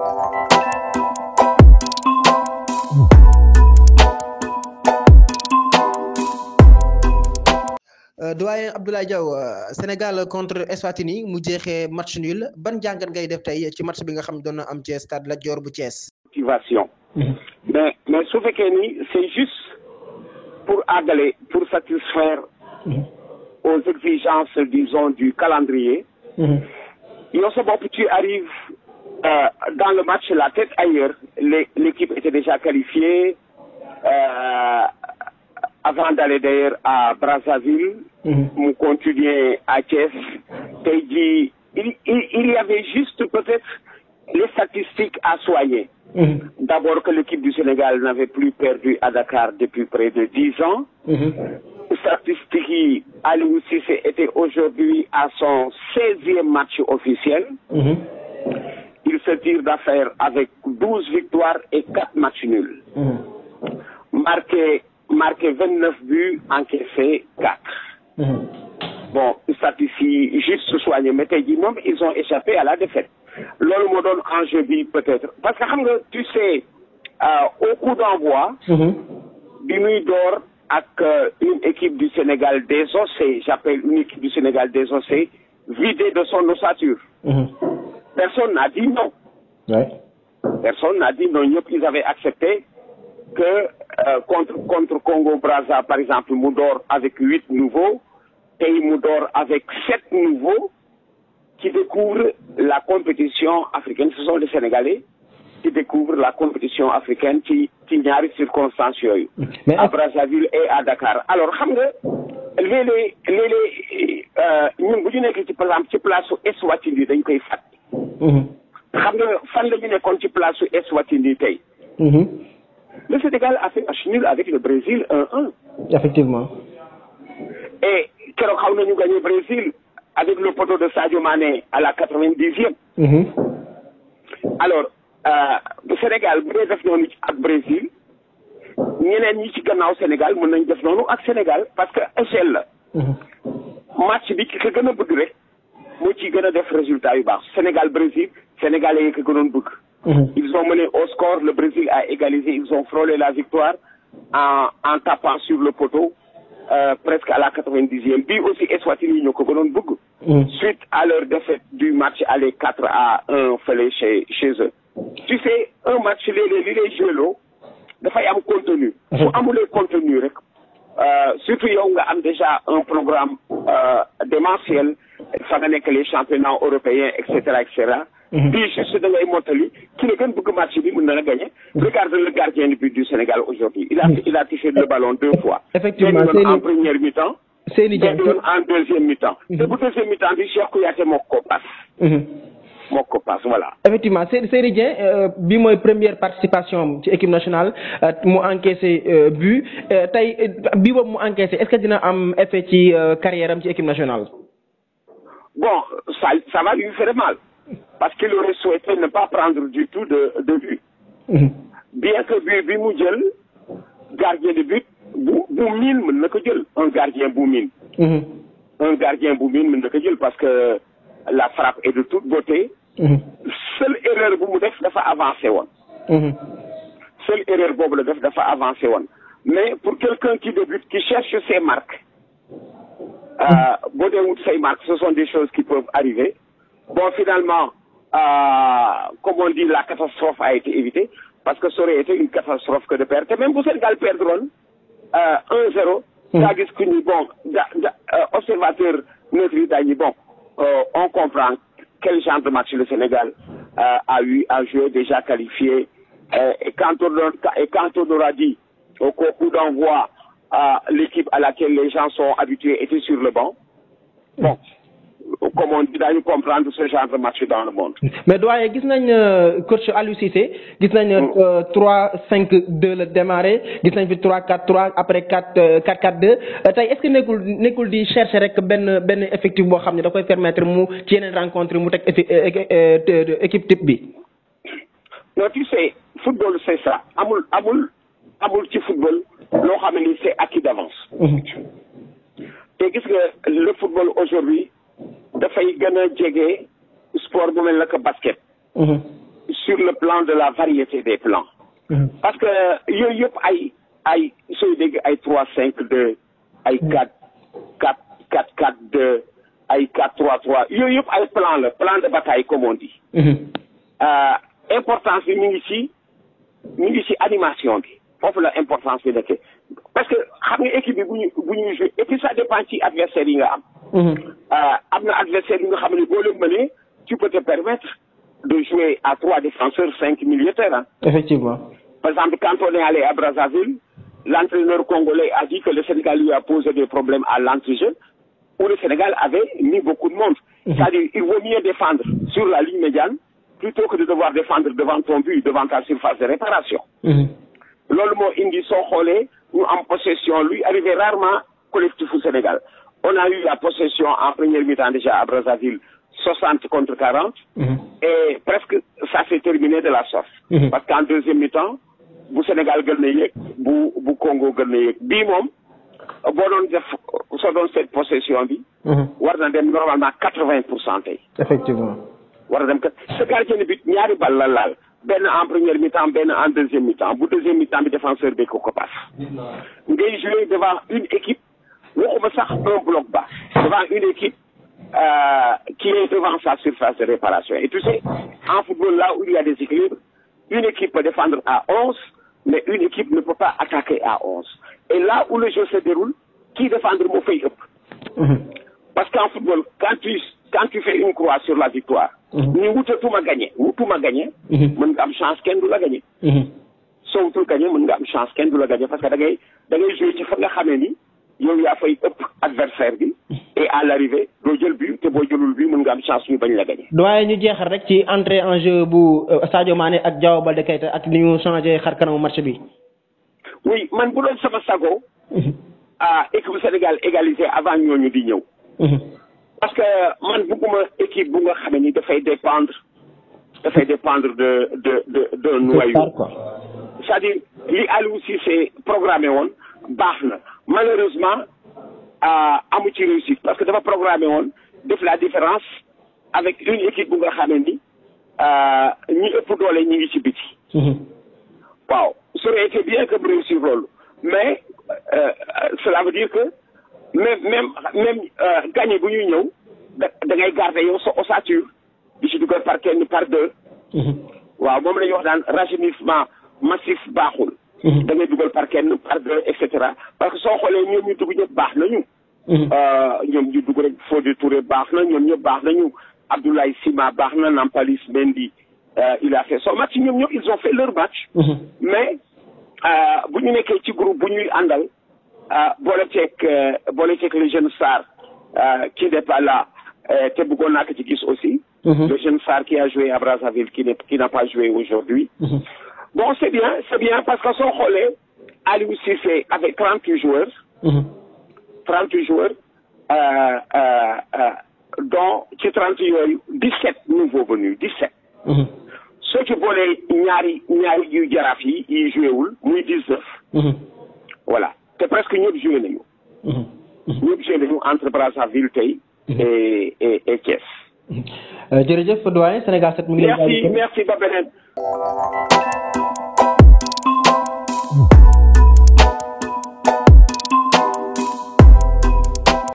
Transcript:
Euh, doyen Abdoulaye Diaw euh, Sénégal contre Eswatini mu jeexee match nul ban jàngat ngay def tey ci match bi nga xam doon na am ci stade Lat Dior bu Thiès. motivation. Mm-hmm. mais mais su ni c'est juste pour àggale pour satisfaire mm-hmm. aux exigences disons du calendrier. Mm-hmm. yow sa bopp tu arrives euh, dans le match la tête ailleurs. L'équipe était déjà qualifiée euh, avant d'aller d'ailleurs à Brazzaville. Nous mhm. mm -hmm. continuions à Kiev. Il, il, il, y avait juste peut-être les à soigner. Mm -hmm. D'abord que l'équipe du Sénégal n'avait plus perdu à Dakar depuis près de 10 ans. Mm -hmm. Statistique, Aliou Sissé était aujourd'hui à son 16e match officiel. Mhm. il se tire d'affaire avec 12 victoires et 4 matchs nuls. Mmh. Marqué, marqué 29 buts, encaissé 4. Mmh. Bon, statistique juste soigné, mais minimum, ils ont échappé à la défaite. L'homme me donne un jeu peut-être. Parce que tu sais, euh, au coup d'envoi, mmh. Bimui d'or avec euh, une équipe du Sénégal désossée, j'appelle une équipe du Sénégal désossée, vidée de son ossature. Hmm. personne n'a dit non. Ouais. Personne n'a dit non. Ils avaient que euh, contre, contre Congo-Brazza, par exemple, Moudor avec huit nouveaux, mu door avec sept nouveaux qui découvrent la compétition africaine. Ce sont les Sénégalais qui découvrent la compétition africaine qui, qui n'y a circonstances à Brazzaville et à Dakar. Alors, xam nga léeg-léeg léeg-léeg euh, ñun bu ñu nekk ci par exemple ci place su Eswatini dañ koy Mm-hmm. xam nga fan la ñu nekkoon ci place su Eswatini tey. Mm-hmm. le Sénégal a fait match nul avec le Brésil 1-1. effectivement. et keroog xaw nañu gagné Brésil avec le poteau de Sadio Mané à la quatre-vingt-dixième. Mm-hmm. alors euh, Sénégal bu dee def noonu ak Brésil ñeneen ñi ci gannaaw Sénégal mën nañ def noonu ak Sénégal parce que échelle la. match bi ki ko gën a bëgg moo ciy gën a def résultat yu baax Sénégal Brésil sénégalais yi ko gënoon bëgg. Mhm. ils ont mené au score le Brésil a égalisé ils ont frôlé la victoire en en tapant sur le poteau euh, presque à la quatre-vingt-dixième bii aussi Eswatini yi ñoo ko gënoon bëgg. Mhm. suite à leur défaite du match aller quatre à un fële chez chez eux. tu sais un match léeg-léeg li lay jëloo dafay am contenu. Mhm. su amulee contenu rek euh, surtout yow nga am déjà un programme euh, fa nga nekk les championnats européens et cetera et cetera. bii mhm. juste da ngay mottali ki la gën bëgg match bi mën na la gagné. Mhm. regarde le gardien de but du Sénégal aujourd'hui il a mhm. il a touché le ballon deux fois. effectivement benn yoon première mi-temps. Seyni Dieng benn yoon en deuxième mi-temps. te bu deuxième mi-temps bi Cheikh Kouyaté bi mooy première participation am ci équipe national euh, mu encaissé euh, but euh, tey bi boobu mu encaissé est-ce que dina am effet ci carrière am ci bon, ça, ça va lui faire mal. Parce qu'il aurait souhaité ne pas prendre du tout de, de but. Mhm. Bien que Bibi Moudjel, gardien de but, Boumine Mnekadjel, un gardien Boumine. Mhm. Un gardien Boumine Mnekadjel parce que la frappe est de toute beauté. Mhm. Seule erreur Boumoudex, il faut avancer. Seule erreur Boumoudex, il faut avancer. Mais pour quelqu'un qui débute, qui cherche ses marques, euh, boo dee wut say ce sont des choses qui peuvent arriver bon finalement euh, comme on dit la catastrophe a été évitée parce que ça aurait été une catastrophe que de perdre te même bu Sénégal perdroon euh, un zéro hmm. daa gis ku bon euh, observateur neutre yi bon on comprend quel genre de match le Sénégal euh, a eu à jouer déjà qualifié et quand on et quand au coup d'envoi l'équipe à laquelle les gens sont habitués était sur le banc bon comme on dit daañu comprendre ce genre de match dans le monde. mais doyen gis nañ euh, coach Aliou Cissé gis nañ. 3 5 2 la démarré gis nañ fi 3 4 3 après 4 4 4 2 tey nekkul di chercher rek benn benn effectif boo xam ne da koy permettre mu ci yeneen rencontre mu teg euh, euh, équipe type bi. non tu sais football c'est ça amul amul amul ci football loo xam ne te gis nga le football aujourd'hui dafay gën a jege sport bu mel na que basket. Mhm. sur le plan de la variété des plans. Mhm. parce que yooyu yëpp ay ay sooy dégg ay trois cinq deux ay mhm. quatre quatre quatre quatre deux ay quatre trois trois yooyu yëpp ay plan la plan de bataille comme on dit. Euh, importance bi mu ngi ci mu ngi ci animation bi. foofu la importance bi nekkee parce que xam nga équipe bi bu ñu bu ñuy joué dépend ci adversaire yi nga am. Mm-hmm. Euh, a na adversaire yi nga xam ne boo leen mënee tu peux te permettre de jouer à trois défenseurs cinq milieux terrain. effectivement. par exemple quand on est allé à Brazzaville l'entraîneur congolais a dit que le Sénégal lui a posé des problèmes à l'entrejeu où le Sénégal avait mis beaucoup de monde. Mm-hmm. c'est-à-dire il vaut mieux défendre sur la ligne médiane plutôt que de devoir défendre devant ton loolu moo indi soo xoolee ñu am possession luy arrivé rarement collectif Sénégal on a eu la possession en première mi-temps déjà à Brazzaville 60 contre 40 mm -hmm. et presque ça s'est terminé de la sorte mm -hmm. parce qu'en deuxième mi-temps bu Sénégal gën na yéeg bu bu Congo gën na yéeg bii moom boo doon def soo doon seet possession bi mhm. war na dem normalement quatre vingt pour cent tey effectivement war na dem kat sa gardien bi ñaari bal la laal benn en première mi benn en deuxième mi-temps bu deuxième mi-temps bi défenseur bi ko ko pass ngay jouer devant une équipe waxuma sax un bloc bas devant une équipe euh, qui est devant sa surface de réparation et tu sais en football là où il y a des équilibres une équipe peut défendre à onze mais une équipe ne peut pas attaquer à onze et là où le jeu se déroule qui défendre moo fay ëpp mmh. parce qu'en football quand tu quand tu fais une croix sur la victoire Mhm. mais wutatuma gagné wutuma gagné. Mhm. mën nga am chance kenn du la gagné. Mhm. soo wutul gagné mun nga am chance kenn du la gagné parce que da ngay da ngay ci fa nga xamee ni yow yaa fay ëpp adversaire bi. et à l' doo jël bi te boo jëlul bi mën nga am chance ñu bañ la gagné. doyen ñu jeexal rek ci entre en jeu bu euh, Sadio Mané ak Diao Baldé Keita ak ni ñu changé xar kanamu match bi. oui man bu doon sama sago. ah équipe Sénégal égalisé avant ñooñu di ñëw. parce que man bëgguma équipe bu nga xam ni dafay dépendre dafay dépendre de de de de noyau. c'est-à-dire li Aliou programmé woon baax na malheureusement euh, amu ci réussite parce que dafa programmé woon def la différence avec une équipe bu nga xam ni euh, ñi ëpp doole ñi ngi ci biti. Mhm. waaw ça aurait été bien que mu réussir loolu mais euh, cela veut dire que. même même même euh, gagné bu ñuy ñëw da da ngay garder yow sa ossature di si dugal par par de mhm. waaw moom la ñuy wax daan rajeunissement massif baaxul. Mhm. da ngay dugal par kenn par deux et cetera parce que soo xoolee ñoom ñu dugg ñëpp baax nañu. Mhm. Euh, ñoom ñu dugg rek Fodé toure baax na ñoom ñëpp baax nañu Abdoulaye Sima baax na Nampalis Mendy euh, il a fait son match ñoom ñëpp ils ont fait leur match. mais bu ñu nekkee ci groupe bu ñuy àndal. ah boole ceeg e ceeg le jeune Sarr ah, qui n'est eh, te bëggoon naa ko ci gis aussi. Mhm. le jeune Sarr qui a joué à Brazzaville qui n'est qui n'a pas joué aujourd'hui mhm. bon c'est bien c'est bien parce que soo xoolee Aliou Cissé avec trente huit joueurs. Mhm. trente huit joueurs euh, euh, euh, dont ci trente yooyu dix sept nouveaux venus dix sept. soo ci boolee ñaari ñaari te presque ñëpp joué nañu. Mhm. Mhm. ñëpp joué nañu entre Brazzaville tey. Mhm. et et et Thiès. Euh, jërëjëf doyen Sénégal 7 mu ngi lay. merci merci ba beneen.